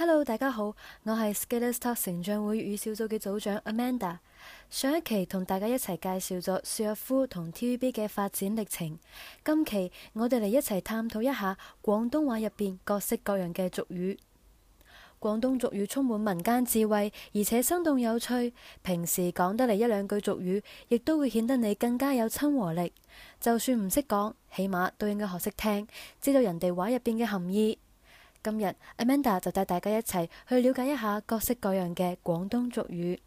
Hello，大家好，我係 Scalers Talk 成長會粵語小組嘅組長 Amanda。上一期同大家一齊介紹咗邵逸夫同 TVB 嘅發展歷程，今期我哋嚟一齊探討一下廣東話入邊各式各樣嘅俗語。廣東俗語充滿民間智慧，而且生動有趣。平時講得嚟一兩句俗語，亦都會顯得你更加有親和力。就算唔識講，起碼都應該學識聽，知道人哋話入邊嘅含義。今日 Amanda 就帶大家一齊去了解一下各式各樣嘅廣東俗語。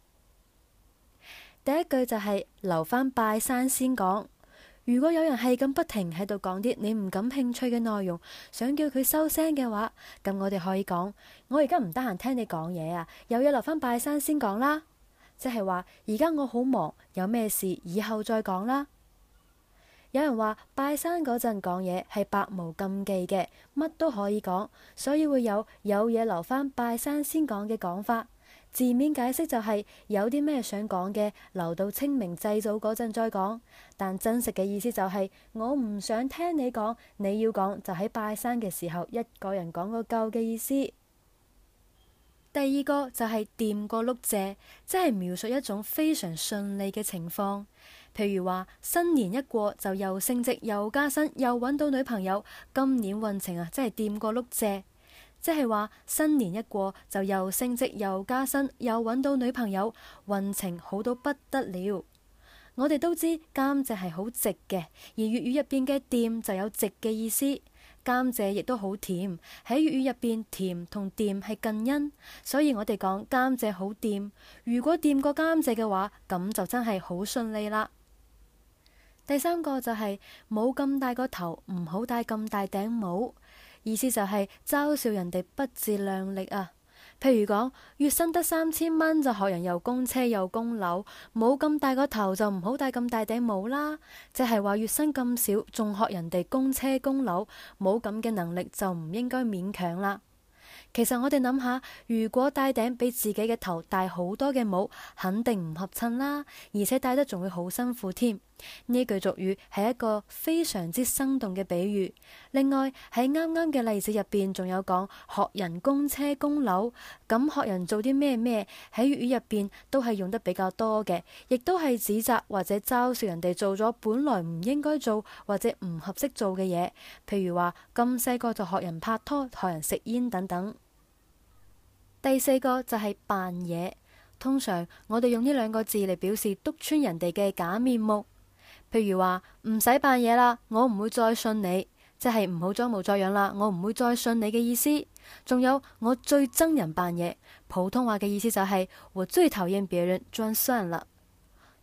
第一句就係留翻拜山先講。如果有人係咁不停喺度講啲你唔感興趣嘅內容，想叫佢收聲嘅話，咁我哋可以講：我而家唔得閒聽你講嘢啊，有嘢留翻拜山先講啦。即係話而家我好忙，有咩事以後再講啦。有人話拜山嗰陣講嘢係百無禁忌嘅，乜都可以講，所以會有有嘢留返拜山先講嘅講法。字面解釋就係有啲咩想講嘅，留到清明祭祖嗰陣再講。但真實嘅意思就係我唔想聽你講，你要講就喺拜山嘅時候一個人講個夠嘅意思。第二個就係掂過碌蔗，即係描述一種非常順利嘅情況。譬如話，新年一過就又升職又加薪又揾到女朋友，今年運程啊，真係掂過碌蔗，即係話新年一過就又升職又加薪又揾到女朋友，運程好到不得了。我哋都知甘蔗係好直嘅，而粵語入邊嘅掂就有直嘅意思。甘蔗亦都好甜，喺粵語入邊甜同掂係近音，所以我哋講甘蔗好掂。如果掂過甘蔗嘅話，咁就真係好順利啦。第三個就係冇咁大個頭，唔好戴咁大頂帽。意思就係、是、嘲笑人哋不自量力啊。譬如講月薪得三千蚊，就學人又供車又供樓，冇咁大個頭就唔好戴咁大頂帽啦。即係話月薪咁少，仲學人哋供車供樓，冇咁嘅能力就唔應該勉強啦。其實我哋諗下，如果戴頂比自己嘅頭大好多嘅帽，肯定唔合襯啦，而且戴得仲會好辛苦添、啊。呢句俗語係一個非常之生動嘅比喻。另外喺啱啱嘅例子入邊，仲有講學人供車供樓，咁學人做啲咩咩喺粵語入邊都係用得比較多嘅，亦都係指責或者嘲笑人哋做咗本來唔應該做或者唔合適做嘅嘢，譬如話咁細個就學人拍拖、學人食煙等等。第四個就係扮嘢，通常我哋用呢兩個字嚟表示，篤穿人哋嘅假面目。譬如話唔使扮嘢啦，我唔會再信你，即係唔好裝模作樣啦，我唔會再信你嘅意思。仲有我最憎人扮嘢，普通話嘅意思就係我最討厭別人裝蒜啦。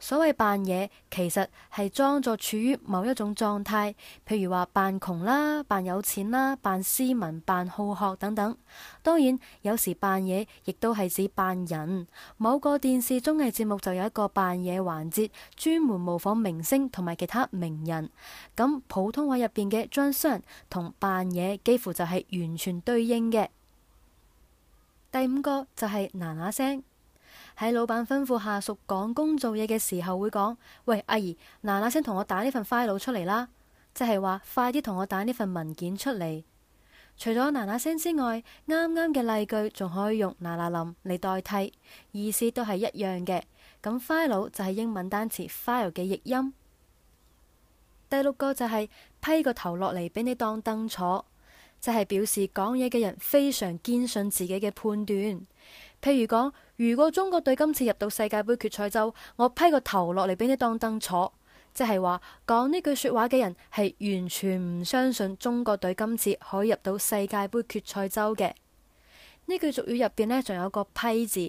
所謂扮嘢，其實係裝作處於某一種狀態，譬如話扮窮啦、扮有錢啦、扮斯文、扮好學等等。當然，有時扮嘢亦都係指扮人。某個電視綜藝節目就有一個扮嘢環節，專門模仿明星同埋其他名人。咁普通話入邊嘅裝相同扮嘢，幾乎就係完全對應嘅。第五個就係嗱嗱聲。喺老闆吩咐下屬趕工做嘢嘅時候，會講：喂，阿姨，嗱嗱聲同我打呢份 file 出嚟啦。即係話快啲同我打呢份文件出嚟。除咗嗱嗱聲之外，啱啱嘅例句仲可以用嗱嗱冧嚟代替，意思都係一樣嘅。咁 file 就係英文單詞 file 嘅譯音。第六個就係、是、批個頭落嚟俾你當凳坐，即、就、係、是、表示講嘢嘅人非常堅信自己嘅判斷。譬如講，如果中國隊今次入到世界杯決賽周，我批個頭落嚟俾你當凳坐，即係話講呢句說話嘅人係完全唔相信中國隊今次可以入到世界杯決賽周嘅。呢句俗語入邊呢，仲有個批字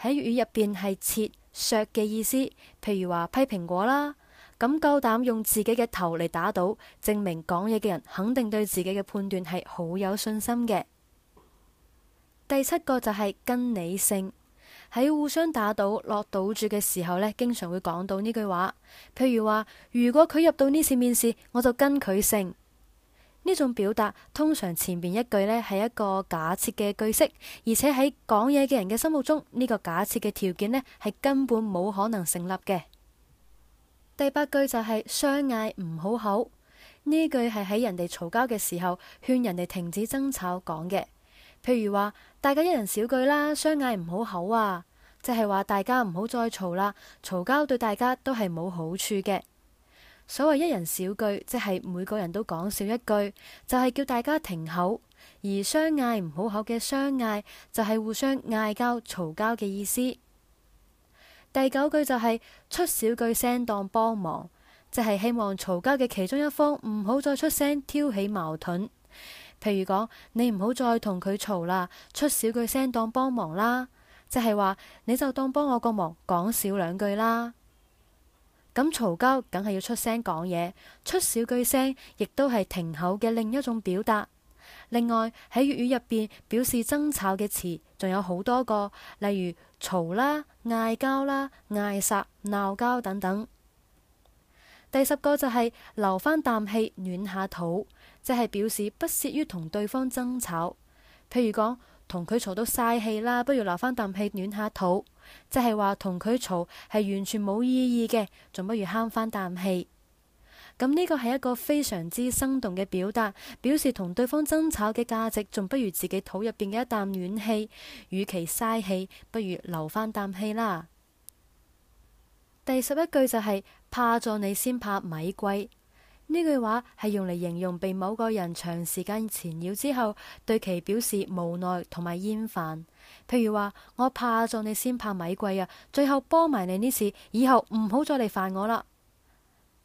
喺粵語入邊係切削嘅意思。譬如話批蘋果啦，咁夠膽用自己嘅頭嚟打賭，證明講嘢嘅人肯定對自己嘅判斷係好有信心嘅。第七個就係跟你姓。喺互相打賭落賭注嘅時候呢，經常會講到呢句話。譬如話，如果佢入到呢次面試，我就跟佢姓。呢種表達通常前面一句呢，係一個假設嘅句式，而且喺講嘢嘅人嘅心目中，呢個假設嘅條件呢，係根本冇可能成立嘅。第八句就係相嗌唔好口，呢句係喺人哋嘈交嘅時候勸人哋停止爭吵講嘅。譬如話，大家一人少句啦，相嗌唔好口啊！即係話，大家唔好再嘈啦，嘈交對大家都係冇好處嘅。所謂一人少句，即係每個人都講少一句，就係叫大家停口。而相嗌唔好口嘅相嗌，就係互相嗌交、嘈交嘅意思。第九句就係出少句聲當幫忙，即係希望嘈交嘅其中一方唔好再出聲挑起矛盾。譬如講，你唔好再同佢嘈啦，出少句聲當幫忙啦，即係話你就當幫我個忙，講少兩句啦。咁嘈交梗係要出聲講嘢，出少句聲亦都係停口嘅另一種表達。另外喺粵語入邊，表示爭吵嘅詞仲有好多個，例如嘈啦、嗌交啦、嗌殺、鬧交等等。第十個就係留翻啖氣暖下肚。即係表示不屑於同對方爭吵，譬如講，同佢嘈到嘥氣啦，不如留翻啖氣暖下肚，即係話同佢嘈係完全冇意義嘅，仲不如慳翻啖氣。咁呢個係一個非常之生動嘅表達，表示同對方爭吵嘅價值仲不如自己肚入邊嘅一啖暖氣，與其嘥氣，不如留翻啖氣啦。第十一句就係，怕咗你先怕米貴。呢句話係用嚟形容被某個人長時間纏繞之後，對其表示無奈同埋厭煩。譬如話，我怕咗你先怕米貴啊，最後幫埋你呢次，以後唔好再嚟煩我啦。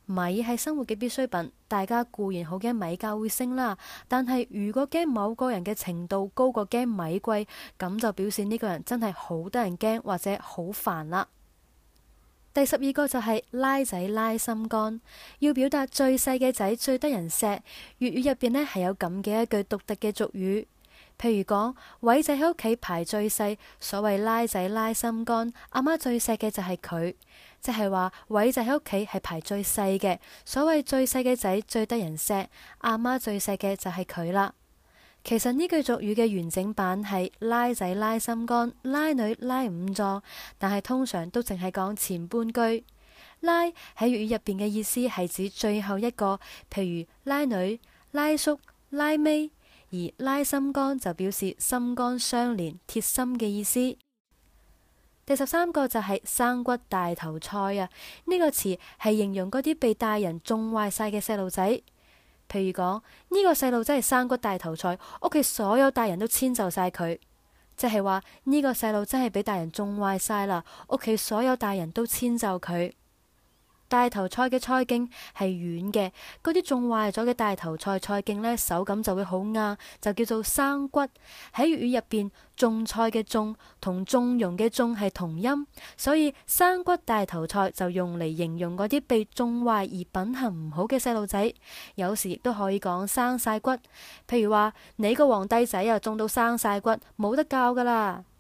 米係生活嘅必需品，大家固然好驚米價會升啦，但係如果驚某個人嘅程度高過驚米貴，咁就表示呢個人真係好得人驚或者好煩啦。第十二個就係、是、拉仔拉心肝，要表達最細嘅仔最得人錫。粵語入邊呢係有咁嘅一句獨特嘅俗語，譬如講偉仔喺屋企排最細，所謂拉仔拉心肝，阿媽最錫嘅就係佢，即係話偉仔喺屋企係排最細嘅，所謂最細嘅仔最得人錫，阿媽最錫嘅就係佢啦。其實呢句俗語嘅完整版係拉仔拉心肝，拉女拉五臟，但係通常都淨係講前半句。拉喺粵語入邊嘅意思係指最後一個，譬如拉女、拉叔、拉尾，而拉心肝就表示心肝相連、鐵心嘅意思。第十三個就係生骨大頭菜啊，呢個詞係形容嗰啲被大人縱壞晒嘅細路仔。譬如講呢個細路真係生骨大頭菜，屋企所有大人都遷就晒佢，即係話呢個細路真係俾大人縱壞晒啦，屋企所有大人都遷就佢。大頭菜嘅菜莖係軟嘅，嗰啲種壞咗嘅大頭菜菜莖呢，手感就會好硬，就叫做生骨。喺粵語入邊，種菜嘅種同縱容嘅縱係同音，所以生骨大頭菜就用嚟形容嗰啲被縱壞而品行唔好嘅細路仔。有時亦都可以講生晒骨，譬如話你個皇帝仔啊，種到生晒骨，冇得教㗎喇。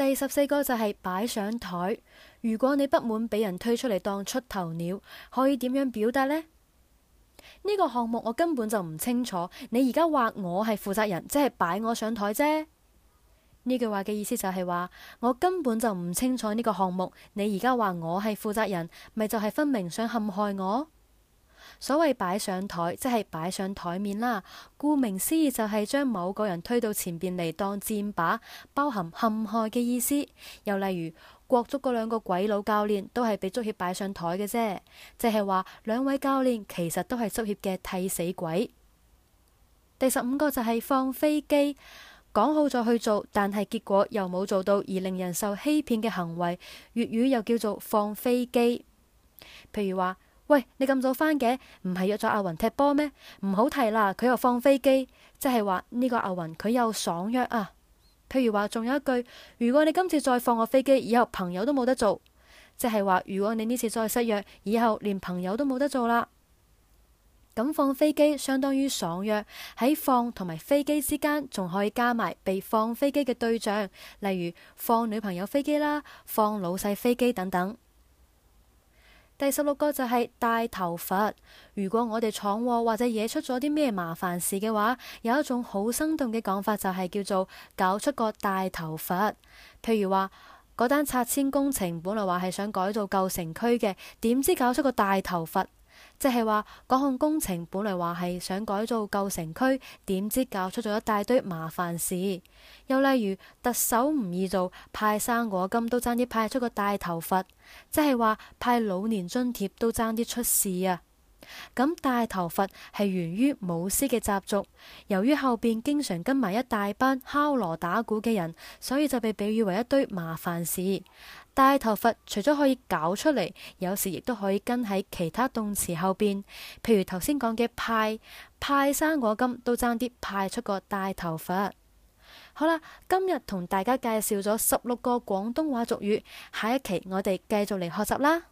第十四個就係擺上台。如果你不滿俾人推出嚟當出頭鳥，可以點樣表達呢？呢個項目我根本就唔清楚。你而家話我係負責人，即係擺我上台啫。呢句話嘅意思就係話我根本就唔清楚呢個項目。你而家話我係負責人，咪就係分明想陷害我。所謂擺上台，即係擺上台面啦。顧名思義，就係將某個人推到前邊嚟當箭靶，包含陷害嘅意思。又例如國足嗰兩個鬼佬教練都係畀足協擺上台嘅啫，即係話兩位教練其實都係足協嘅替死鬼。第十五個就係放飛機，講好咗去做，但係結果又冇做到，而令人受欺騙嘅行為，粵語又叫做放飛機。譬如話。喂，你咁早返嘅，唔係約咗阿雲踢波咩？唔好提啦，佢又放飛機，即係話呢個阿雲佢又爽約啊。譬如話仲有一句，如果你今次再放我飛機，以後朋友都冇得做，即係話如果你呢次再失約，以後連朋友都冇得做啦。咁放飛機相當於爽約，喺放同埋飛機之間仲可以加埋被放飛機嘅對象，例如放女朋友飛機啦，放老細飛機等等。第十六個就係大頭佛。如果我哋闖禍或者惹出咗啲咩麻煩事嘅話，有一種好生動嘅講法就係叫做搞出個大頭佛。譬如話嗰單拆遷工程本來話係想改造舊城區嘅，點知搞出個大頭佛。即係話嗰項工程本來話係想改造舊城區，點知搞出咗一大堆麻煩事。又例如特首唔易做，派生果金都爭啲派出個大頭佛，即係話派老年津貼都爭啲出事啊！咁大頭佛係源於舞獅嘅習俗，由於後邊經常跟埋一大班敲鑼打鼓嘅人，所以就被比喻為一堆麻煩事。大頭佛除咗可以搞出嚟，有時亦都可以跟喺其他動詞後邊，譬如頭先講嘅派派生果金都爭啲派出個大頭佛。好啦，今日同大家介紹咗十六個廣東話俗語，下一期我哋繼續嚟學習啦。